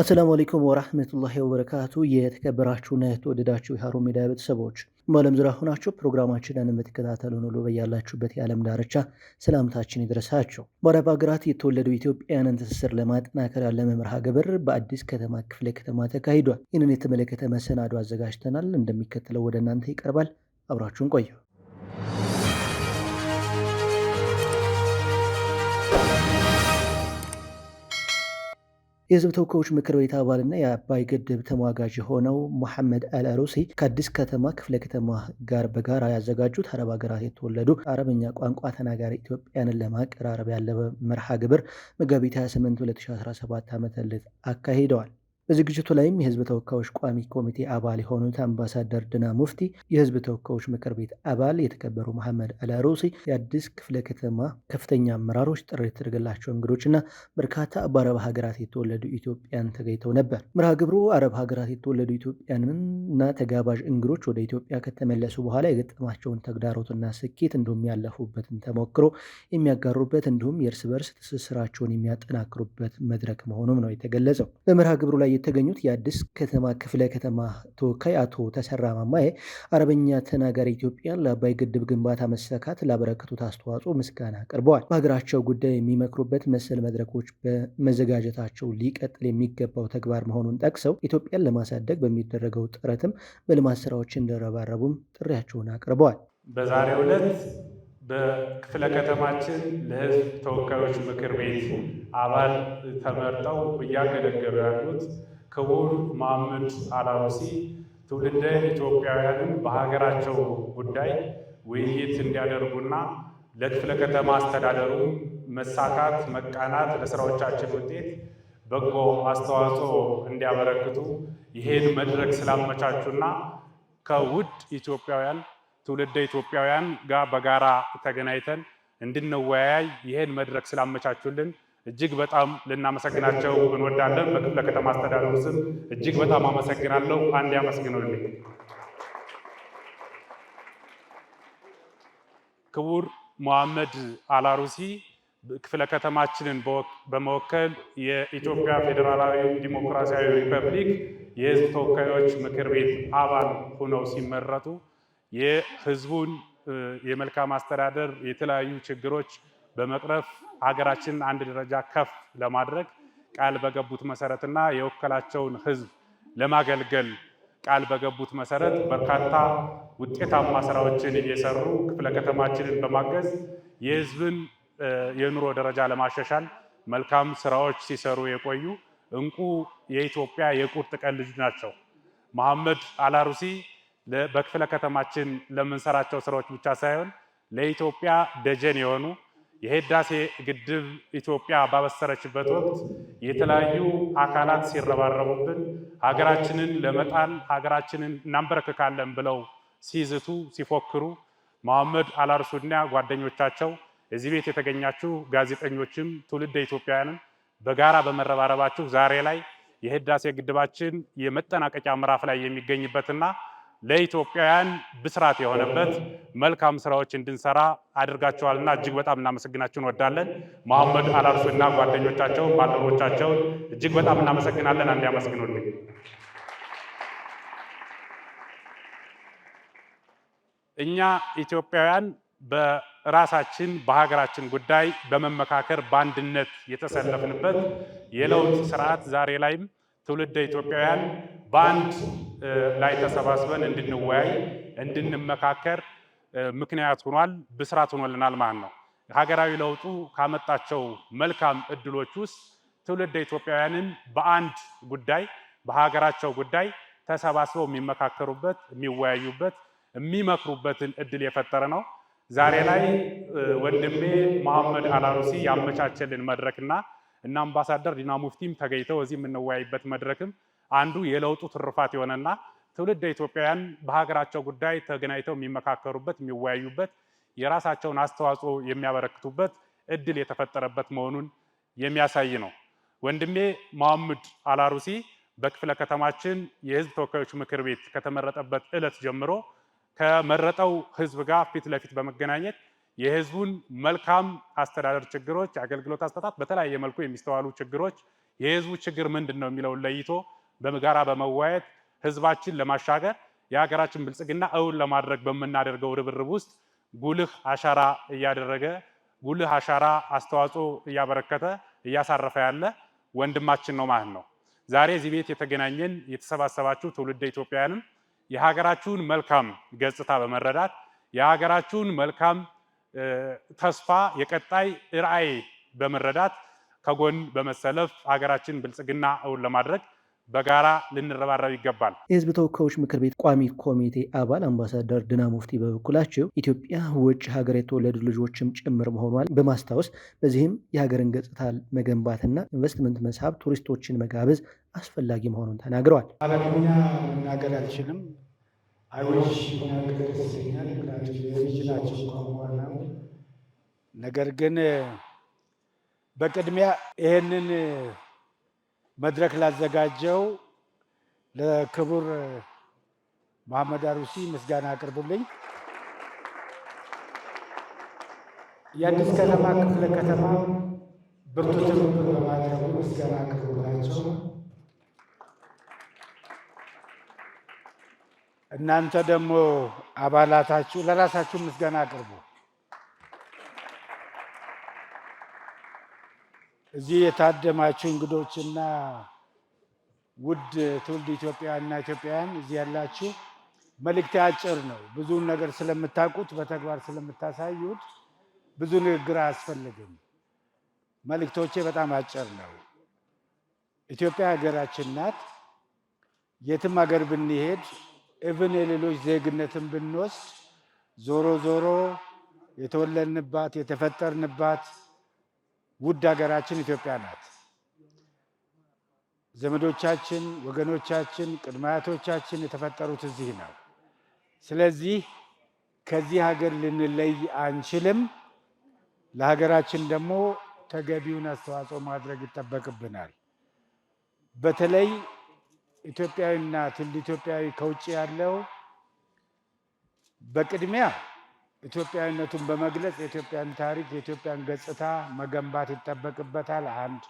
አሰላሙ አለይኩም ወራህመቱላሂ ወበረካቱ። የተከበራችሁና የተወደዳችሁ የሀሩን ሚዲያ ቤተሰቦች በዓለም ዙሪያ ሆናችሁ ፕሮግራማችንን የምትከታተሉ ሁሉ በያላችሁበት የዓለም ዳርቻ ሰላምታችን ይድረሳችሁ። በአረብ ሀገራት የተወለዱ ኢትዮጵያውያንን ትስስር ለማጠናከር ያለመ መርሃ ግብር በአዲስ ከተማ ክፍለ ከተማ ተካሂዷል። ይህንን የተመለከተ መሰናዶ አዘጋጅተናል፣ እንደሚከተለው ወደ እናንተ ይቀርባል። አብራችሁን ቆዩ። የህዝብ ተወካዮች ምክር ቤት አባልና የአባይ ግድብ ተሟጋጅ የሆነው መሐመድ አልአሩሲ ከአዲስ ከተማ ክፍለ ከተማ ጋር በጋራ ያዘጋጁት አረብ ሀገራት የተወለዱ አረብኛ ቋንቋ ተናጋሪ ኢትዮጵያንን ለማቀራረብ ያለበ መርሃ ግብር መጋቢት 28 2017 ዓ.ም አካሂደዋል። በዝግጅቱ ላይም የህዝብ ተወካዮች ቋሚ ኮሚቴ አባል የሆኑት አምባሳደር ድና ሙፍቲ፣ የህዝብ ተወካዮች ምክር ቤት አባል የተከበሩ መሐመድ አላሮሲ፣ የአዲስ ክፍለ ከተማ ከፍተኛ አመራሮች፣ ጥሪ የተደረገላቸው እንግዶችና በርካታ በአረብ ሀገራት የተወለዱ ኢትዮጵያን ተገኝተው ነበር። ምርሃ ግብሩ አረብ ሀገራት የተወለዱ ኢትዮጵያንን እና ተጋባዥ እንግዶች ወደ ኢትዮጵያ ከተመለሱ በኋላ የገጠማቸውን ተግዳሮትና ስኬት እንዲሁም ያለፉበትን ተሞክሮ የሚያጋሩበት እንዲሁም የእርስ በርስ ትስስራቸውን የሚያጠናክሩበት መድረክ መሆኑም ነው የተገለጸው። በምርሃ ግብሩ ላይ የተገኙት የአዲስ ከተማ ክፍለ ከተማ ተወካይ አቶ ተሰራ ማማዬ አረበኛ ተናጋሪ ኢትዮጵያን ለአባይ ግድብ ግንባታ መሰካት ላበረከቱት አስተዋጽኦ ምስጋና አቅርበዋል። በሀገራቸው ጉዳይ የሚመክሩበት መሰል መድረኮች በመዘጋጀታቸው ሊቀጥል የሚገባው ተግባር መሆኑን ጠቅሰው ኢትዮጵያን ለማሳደግ በሚደረገው ጥረትም በልማት ስራዎች እንደረባረቡም ጥሪያቸውን አቅርበዋል። በዛሬው ዕለት በክፍለ ከተማችን ለሕዝብ ተወካዮች ምክር ቤት አባል ተመርጠው እያገለገሉ ያሉት ክቡር መሐመድ አላሙሲ ትውልደ ኢትዮጵያውያንም በሀገራቸው ጉዳይ ውይይት እንዲያደርጉና ለክፍለ ከተማ አስተዳደሩ መሳካት መቃናት ለስራዎቻችን ውጤት በጎ አስተዋጽኦ እንዲያበረክቱ ይሄን መድረክ ስላመቻቹና ከውድ ኢትዮጵያውያን ትውልደ ኢትዮጵያውያን ጋር በጋራ ተገናኝተን እንድንወያይ ይህን መድረክ ስላመቻቹልን እጅግ በጣም ልናመሰግናቸው እንወዳለን። በክፍለ ከተማ አስተዳደሩ ስም እጅግ በጣም አመሰግናለሁ። አንድ ያመስግኑልኝ። ክቡር መሐመድ አላሩሲ ክፍለ ከተማችንን በመወከል የኢትዮጵያ ፌዴራላዊ ዲሞክራሲያዊ ሪፐብሊክ የሕዝብ ተወካዮች ምክር ቤት አባል ሆነው ሲመረጡ የህዝቡን የመልካም አስተዳደር የተለያዩ ችግሮች በመቅረፍ ሀገራችንን አንድ ደረጃ ከፍ ለማድረግ ቃል በገቡት መሰረትና የወከላቸውን ህዝብ ለማገልገል ቃል በገቡት መሰረት በርካታ ውጤታማ ስራዎችን እየሰሩ ክፍለ ከተማችንን በማገዝ የህዝብን የኑሮ ደረጃ ለማሻሻል መልካም ስራዎች ሲሰሩ የቆዩ እንቁ የኢትዮጵያ የቁርጥ ቀን ልጅ ናቸው። መሐመድ አላሩሲ በክፍለ ከተማችን ለምንሰራቸው ስራዎች ብቻ ሳይሆን ለኢትዮጵያ ደጀን የሆኑ የህዳሴ ግድብ ኢትዮጵያ ባበሰረችበት ወቅት የተለያዩ አካላት ሲረባረቡብን ሀገራችንን ለመጣል ሀገራችንን እናንበረክካለን ብለው ሲዝቱ ሲፎክሩ መሐመድ አላርሱድና ጓደኞቻቸው እዚህ ቤት የተገኛችሁ ጋዜጠኞችም ትውልደ ኢትዮጵያውያንም በጋራ በመረባረባችሁ ዛሬ ላይ የህዳሴ ግድባችን የመጠናቀቂያ ምዕራፍ ላይ የሚገኝበትና ለኢትዮጵያውያን ብስራት የሆነበት መልካም ስራዎች እንድንሰራ አድርጋችኋልና እጅግ በጣም እናመሰግናችሁ እንወዳለን። መሐመድ አላርሱ እና ጓደኞቻቸውን ባልደረቦቻቸውን እጅግ በጣም እናመሰግናለን። አንድ ያመስግኑልኝ። እኛ ኢትዮጵያውያን በራሳችን በሀገራችን ጉዳይ በመመካከር በአንድነት የተሰለፍንበት የለውጥ ስርዓት ዛሬ ላይም ትውልደ ኢትዮጵያውያን በአንድ ላይ ተሰባስበን እንድንወያይ እንድንመካከር ምክንያት ሆኗል፣ ብስራት ሆኖልናል ማለት ነው። ሀገራዊ ለውጡ ካመጣቸው መልካም እድሎች ውስጥ ትውልደ ኢትዮጵያውያንን በአንድ ጉዳይ በሀገራቸው ጉዳይ ተሰባስበው የሚመካከሩበት፣ የሚወያዩበት፣ የሚመክሩበትን እድል የፈጠረ ነው። ዛሬ ላይ ወንድሜ መሐመድ አላሩሲ ያመቻቸልን መድረክና እና አምባሳደር ዲና ሙፍቲም ተገኝተው እዚህ የምንወያይበት መድረክም አንዱ የለውጡ ትሩፋት የሆነና ትውልድ ኢትዮጵያውያን በሀገራቸው ጉዳይ ተገናኝተው የሚመካከሩበት፣ የሚወያዩበት፣ የራሳቸውን አስተዋጽኦ የሚያበረክቱበት እድል የተፈጠረበት መሆኑን የሚያሳይ ነው። ወንድሜ መሐመድ አላሩሲ በክፍለ ከተማችን የህዝብ ተወካዮች ምክር ቤት ከተመረጠበት ዕለት ጀምሮ ከመረጠው ህዝብ ጋር ፊት ለፊት በመገናኘት የህዝቡን መልካም አስተዳደር ችግሮች፣ አገልግሎት አሰጣጥ፣ በተለያየ መልኩ የሚስተዋሉ ችግሮች፣ የህዝቡ ችግር ምንድን ነው የሚለውን ለይቶ በጋራ በመወያየት ህዝባችን ለማሻገር የሀገራችን ብልጽግና እውን ለማድረግ በምናደርገው ርብርብ ውስጥ ጉልህ አሻራ እያደረገ ጉልህ አሻራ አስተዋጽኦ እያበረከተ እያሳረፈ ያለ ወንድማችን ነው ማለት ነው። ዛሬ እዚህ ቤት የተገናኘን የተሰባሰባችሁ ትውልደ ኢትዮጵያውያንም የሀገራችሁን መልካም ገጽታ በመረዳት የሀገራችሁን መልካም ተስፋ የቀጣይ ራዕይ በመረዳት ከጎን በመሰለፍ ሀገራችን ብልጽግና እውን ለማድረግ በጋራ ልንረባረብ ይገባል። የህዝብ ተወካዮች ምክር ቤት ቋሚ ኮሚቴ አባል አምባሳደር ድና ሙፍቲ በበኩላቸው ኢትዮጵያ ውጭ ሀገር የተወለዱ ልጆችም ጭምር መሆኗን በማስታወስ በዚህም የሀገርን ገጽታ መገንባትና ኢንቨስትመንት መሳብ፣ ቱሪስቶችን መጋበዝ አስፈላጊ መሆኑን ተናግረዋል። አረብኛ መናገር አልችልም። አይዎች ነገር ግን በቅድሚያ ይህንን መድረክ ላዘጋጀው ለክቡር መሐመድ አሩሲ ምስጋና አቅርቡልኝ። የአዲስ ከተማ ክፍለ ከተማ ብርቱ ትብብር በማድረጉ ምስጋና አቅርቡላቸው። እናንተ ደግሞ አባላታችሁ ለራሳችሁ ምስጋና አቅርቡ። እዚህ የታደማችሁ እንግዶችና ውድ ትውልድ ኢትዮጵያውያንና ኢትዮጵያውያን እዚህ ያላችሁ መልእክቴ አጭር ነው። ብዙውን ነገር ስለምታውቁት በተግባር ስለምታሳዩት ብዙ ንግግር አያስፈልግም። መልእክቶቼ በጣም አጭር ነው። ኢትዮጵያ ሀገራችን ናት። የትም ሀገር ብንሄድ እብን የሌሎች ዜግነትን ብንወስድ ዞሮ ዞሮ የተወለድንባት የተፈጠርንባት ውድ ሀገራችን ኢትዮጵያ ናት። ዘመዶቻችን፣ ወገኖቻችን፣ ቅድማያቶቻችን የተፈጠሩት እዚህ ነው። ስለዚህ ከዚህ ሀገር ልንለይ አንችልም። ለሀገራችን ደግሞ ተገቢውን አስተዋጽኦ ማድረግ ይጠበቅብናል። በተለይ ኢትዮጵያዊና ትውልደ ኢትዮጵያዊ ከውጭ ያለው በቅድሚያ ኢትዮጵያዊነቱን በመግለጽ የኢትዮጵያን ታሪክ የኢትዮጵያን ገጽታ መገንባት ይጠበቅበታል። አንድ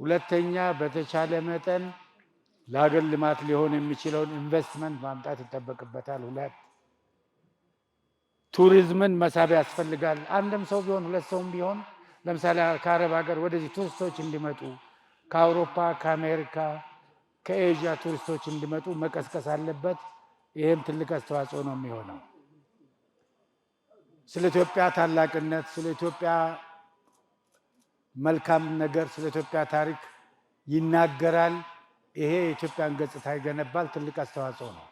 ሁለተኛ፣ በተቻለ መጠን ለሀገር ልማት ሊሆን የሚችለውን ኢንቨስትመንት ማምጣት ይጠበቅበታል። ሁለት ቱሪዝምን መሳብ ያስፈልጋል። አንድም ሰው ቢሆን ሁለት ሰውም ቢሆን ለምሳሌ ከአረብ ሀገር ወደዚህ ቱሪስቶች እንዲመጡ ከአውሮፓ፣ ከአሜሪካ፣ ከኤዥያ ቱሪስቶች እንዲመጡ መቀስቀስ አለበት። ይህም ትልቅ አስተዋጽኦ ነው የሚሆነው። ስለ ኢትዮጵያ ታላቅነት፣ ስለ ኢትዮጵያ መልካም ነገር፣ ስለ ኢትዮጵያ ታሪክ ይናገራል። ይሄ የኢትዮጵያን ገጽታ ይገነባል። ትልቅ አስተዋጽኦ ነው።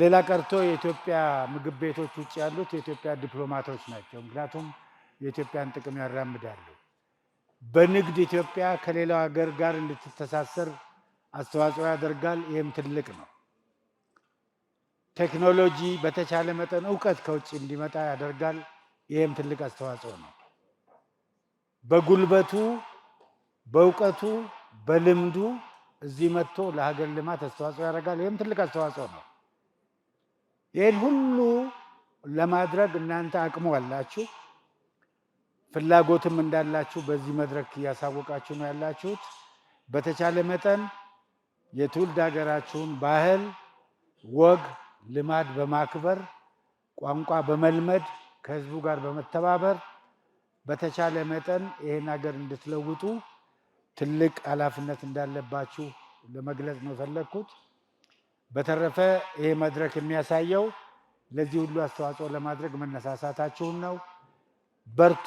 ሌላ ቀርቶ የኢትዮጵያ ምግብ ቤቶች ውጭ ያሉት የኢትዮጵያ ዲፕሎማቶች ናቸው። ምክንያቱም የኢትዮጵያን ጥቅም ያራምዳሉ። በንግድ ኢትዮጵያ ከሌላው ሀገር ጋር እንድትተሳሰር አስተዋጽኦ ያደርጋል። ይህም ትልቅ ነው። ቴክኖሎጂ በተቻለ መጠን እውቀት ከውጭ እንዲመጣ ያደርጋል። ይህም ትልቅ አስተዋጽኦ ነው። በጉልበቱ፣ በእውቀቱ፣ በልምዱ እዚህ መጥቶ ለሀገር ልማት አስተዋጽኦ ያደርጋል። ይህም ትልቅ አስተዋጽኦ ነው። ይህን ሁሉ ለማድረግ እናንተ አቅሙ አላችሁ፣ ፍላጎትም እንዳላችሁ በዚህ መድረክ እያሳወቃችሁ ነው ያላችሁት። በተቻለ መጠን የትውልድ ሀገራችሁን ባህል፣ ወግ ልማድ በማክበር ቋንቋ በመልመድ ከህዝቡ ጋር በመተባበር በተቻለ መጠን ይሄን ሀገር እንድትለውጡ ትልቅ ኃላፊነት እንዳለባችሁ ለመግለጽ ነው ፈለግኩት። በተረፈ ይሄ መድረክ የሚያሳየው ለዚህ ሁሉ አስተዋጽኦ ለማድረግ መነሳሳታችሁን ነው። በርቱ።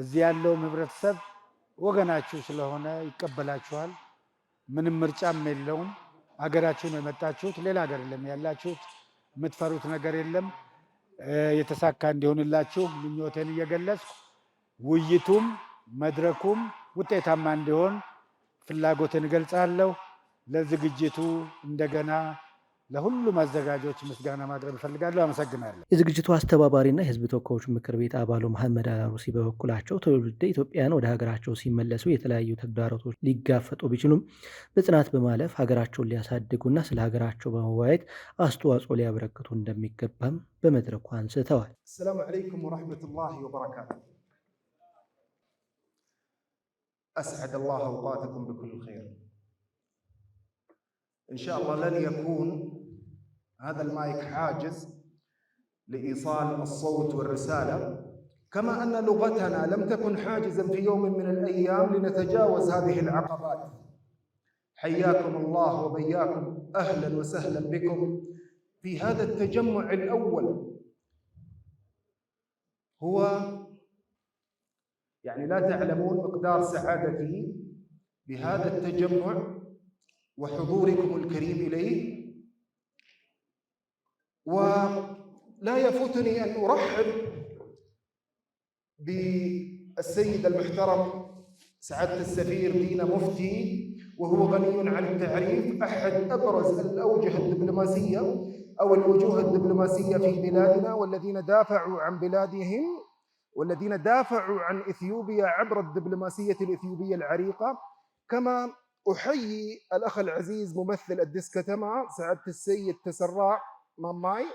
እዚህ ያለውም ህብረተሰብ ወገናችሁ ስለሆነ ይቀበላችኋል። ምንም ምርጫም የለውም። ሀገራችሁ ነው የመጣችሁት፣ ሌላ ሀገር የለም ያላችሁት። የምትፈሩት ነገር የለም። የተሳካ እንዲሆንላችሁ ምኞቴን እየገለጽኩ ውይይቱም መድረኩም ውጤታማ እንዲሆን ፍላጎትን እገልጻለሁ። ለዝግጅቱ እንደገና ለሁሉም አዘጋጆች ምስጋና ማቅረብ እፈልጋለሁ። አመሰግናለሁ። የዝግጅቱ አስተባባሪና የህዝብ ተወካዮች ምክር ቤት አባሉ መሐመድ አሩሲ በበኩላቸው ትውልደ ኢትዮጵያን ወደ ሀገራቸው ሲመለሱ የተለያዩ ተግዳሮቶች ሊጋፈጡ ቢችሉም በጽናት በማለፍ ሀገራቸውን ሊያሳድጉና ስለ ሀገራቸው በመወያየት አስተዋጽኦ ሊያበረክቱ እንደሚገባም በመድረኩ አንስተዋል። አሰላሙ አለይኩም ወረሕመቱላሂ ወበረካቱ። أسعد الله أوقاتكم بكل خير إن شاء الله لن يكون هذا المايك حاجز لإيصال الصوت والرسالة كما أن لغتنا لم تكن حاجزا في يوم من الأيام لنتجاوز هذه العقبات حياكم الله وبياكم أهلا وسهلا بكم في هذا التجمع الأول هو يعني لا تعلمون مقدار سعادتي بهذا التجمع وحضوركم الكريم إليه ولا يفوتني أن أرحب بالسيد المحترم سعادة السفير دينا مفتي وهو غني عن التعريف أحد أبرز الأوجه الدبلوماسية أو الوجوه الدبلوماسية في بلادنا والذين دافعوا عن بلادهم والذين دافعوا عن إثيوبيا عبر الدبلوماسية الإثيوبية العريقة كما أحيي الأخ العزيز ممثل الديسكتما سعادة السيد تسراع ماماي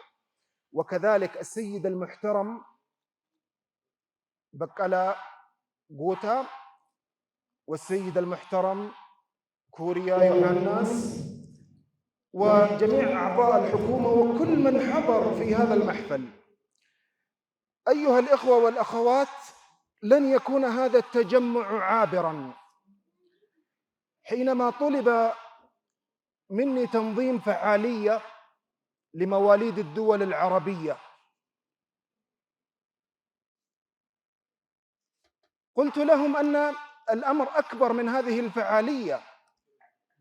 وكذلك السيد المحترم بكالا غوتا والسيد المحترم كوريا يوهاناس وجميع أعضاء الحكومة وكل من حضر في هذا المحفل أيها الإخوة والأخوات لن يكون هذا التجمع عابرا حينما طلب مني تنظيم فعالية لمواليد الدول العربية قلت لهم أن الأمر أكبر من هذه الفعالية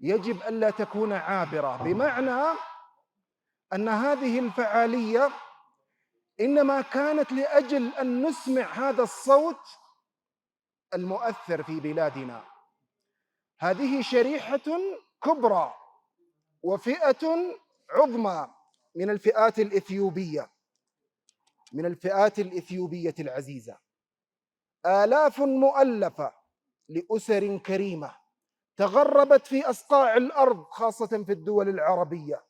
يجب ألا تكون عابرة بمعنى أن هذه الفعالية إنما كانت لأجل أن نسمع هذا الصوت المؤثر في بلادنا هذه شريحة كبرى وفئة عظمى من الفئات الإثيوبية من الفئات الإثيوبية العزيزة آلاف مؤلفة لأسر كريمة تغربت في أصقاع الأرض خاصة في الدول العربية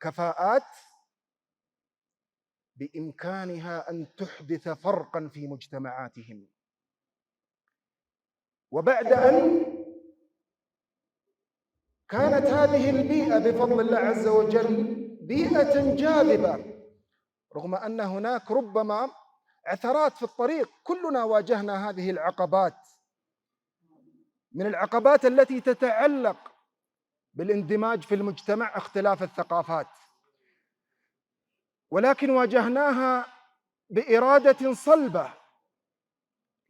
كفاءات بإمكانها أن تحدث فرقا في مجتمعاتهم وبعد أن كانت هذه البيئة بفضل الله عز وجل بيئة جاذبة رغم أن هناك ربما عثرات في الطريق كلنا واجهنا هذه العقبات من العقبات التي تتعلق بالاندماج في المجتمع اختلاف الثقافات ولكن واجهناها باراده صلبه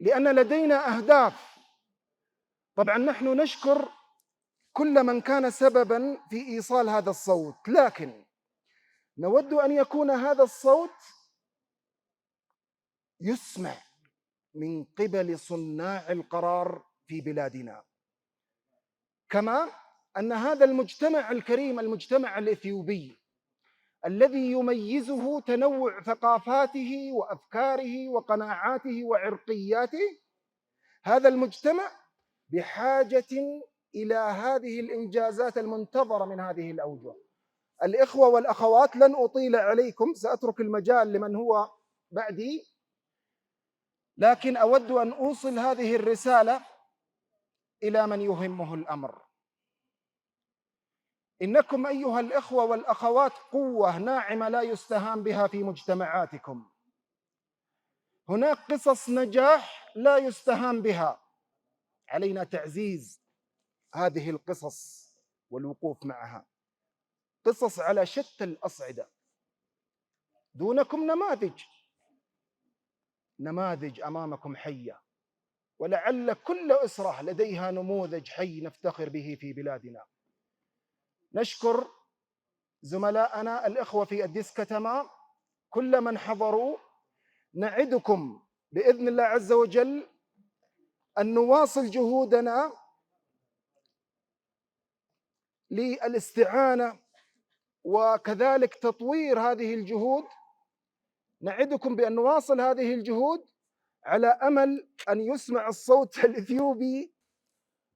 لان لدينا اهداف طبعا نحن نشكر كل من كان سببا في ايصال هذا الصوت لكن نود ان يكون هذا الصوت يسمع من قبل صناع القرار في بلادنا كما ان هذا المجتمع الكريم المجتمع الاثيوبي الذي يميزه تنوع ثقافاته وافكاره وقناعاته وعرقياته هذا المجتمع بحاجه الى هذه الانجازات المنتظره من هذه الاوجه. الاخوه والاخوات لن اطيل عليكم ساترك المجال لمن هو بعدي لكن اود ان اوصل هذه الرساله الى من يهمه الامر. انكم ايها الاخوه والاخوات قوه ناعمه لا يستهان بها في مجتمعاتكم. هناك قصص نجاح لا يستهان بها. علينا تعزيز هذه القصص والوقوف معها قصص على شتى الأصعدة دونكم نماذج نماذج أمامكم حية ولعل كل أسرة لديها نموذج حي نفتخر به في بلادنا نشكر زملائنا الإخوة في الديسك تمام كل من حضروا نعدكم بإذن الله عز وجل أن نواصل جهودنا للاستعانه وكذلك تطوير هذه الجهود نعدكم بان نواصل هذه الجهود على امل ان يسمع الصوت الاثيوبي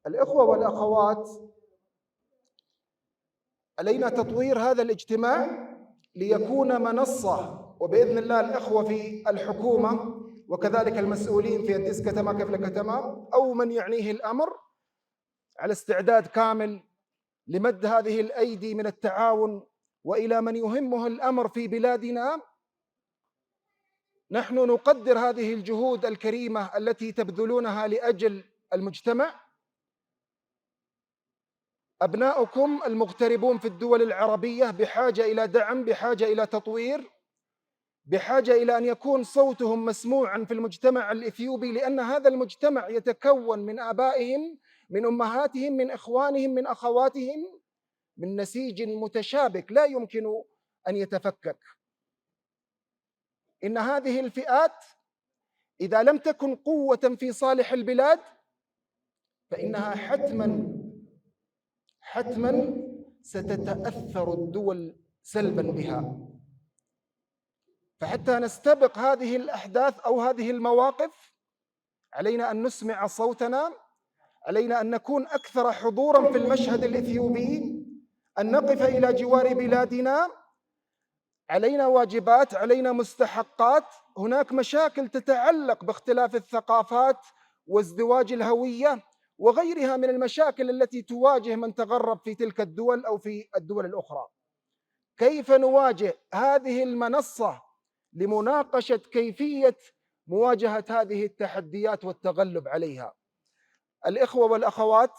الاخوه والاخوات علينا تطوير هذا الاجتماع ليكون منصه وباذن الله الاخوه في الحكومه وكذلك المسؤولين في الديسكتما كما او من يعنيه الامر على استعداد كامل لمد هذه الايدي من التعاون والى من يهمه الامر في بلادنا نحن نقدر هذه الجهود الكريمه التي تبذلونها لاجل المجتمع ابناؤكم المغتربون في الدول العربيه بحاجه الى دعم بحاجه الى تطوير بحاجه الى ان يكون صوتهم مسموعا في المجتمع الاثيوبي لان هذا المجتمع يتكون من ابائهم من امهاتهم من اخوانهم من اخواتهم من نسيج متشابك لا يمكن ان يتفكك ان هذه الفئات اذا لم تكن قوه في صالح البلاد فانها حتما حتما ستتاثر الدول سلبا بها فحتى نستبق هذه الاحداث او هذه المواقف علينا ان نسمع صوتنا علينا أن نكون أكثر حضورا في المشهد الإثيوبي أن نقف إلى جوار بلادنا علينا واجبات علينا مستحقات هناك مشاكل تتعلق باختلاف الثقافات وازدواج الهوية وغيرها من المشاكل التي تواجه من تغرب في تلك الدول أو في الدول الأخرى كيف نواجه هذه المنصة لمناقشة كيفية مواجهة هذه التحديات والتغلب عليها الإخوة والأخوات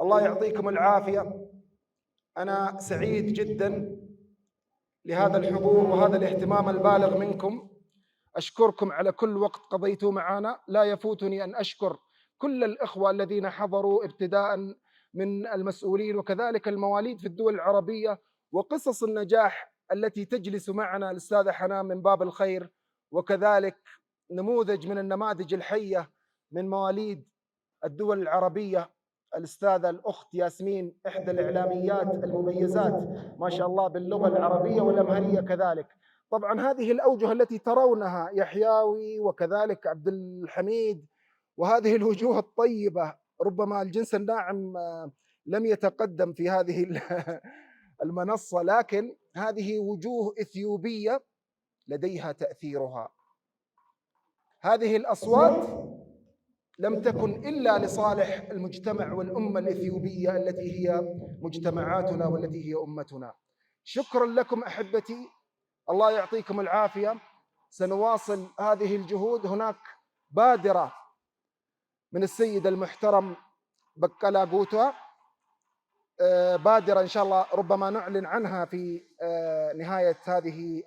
الله يعطيكم العافية أنا سعيد جدا لهذا الحضور وهذا الاهتمام البالغ منكم أشكركم على كل وقت قضيتوه معنا لا يفوتني أن أشكر كل الإخوة الذين حضروا ابتداء من المسؤولين وكذلك المواليد في الدول العربية وقصص النجاح التي تجلس معنا الأستاذة حنان من باب الخير وكذلك نموذج من النماذج الحية من مواليد الدول العربية الأستاذة الأخت ياسمين إحدى الإعلاميات المميزات ما شاء الله باللغة العربية والأمهرية كذلك طبعا هذه الأوجه التي ترونها يحياوي وكذلك عبد الحميد وهذه الوجوه الطيبة ربما الجنس الناعم آه، لم يتقدم في هذه المنصة لكن هذه وجوه إثيوبية لديها تأثيرها هذه الأصوات لم تكن إلا لصالح المجتمع والأمة الإثيوبية التي هي مجتمعاتنا والتي هي أمتنا شكرا لكم أحبتي الله يعطيكم العافية سنواصل هذه الجهود هناك بادرة من السيد المحترم بكالا قوتوا آه، بادرة إن شاء الله ربما نعلن عنها في آه، نهاية هذه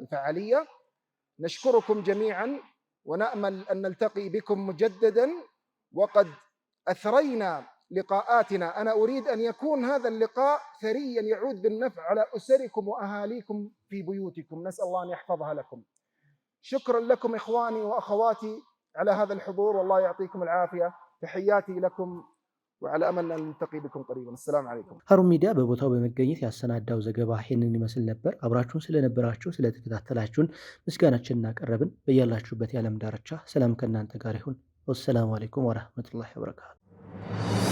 الفعالية نشكركم جميعا ونامل ان نلتقي بكم مجددا وقد اثرينا لقاءاتنا انا اريد ان يكون هذا اللقاء ثريا يعود بالنفع على اسركم واهاليكم في بيوتكم نسال الله ان يحفظها لكم شكرا لكم اخواني واخواتي على هذا الحضور والله يعطيكم العافيه تحياتي لكم ወዓላ አመና ንልተቂ ቢኩም ቀሪበን። አሰላም አለይኩም። ሀሩን ሚዲያ በቦታው በመገኘት ያሰናዳው ዘገባ ይህንን ይመስል ነበር። አብራችሁን ስለነበራችሁ ስለተከታተላችሁን ምስጋናችን እናቀረብን። በያላችሁበት የዓለም ዳርቻ ሰላም ከእናንተ ጋር ይሁን። ወሰላሙ አለይኩም ወረህመቱላሂ ወበረካቱ።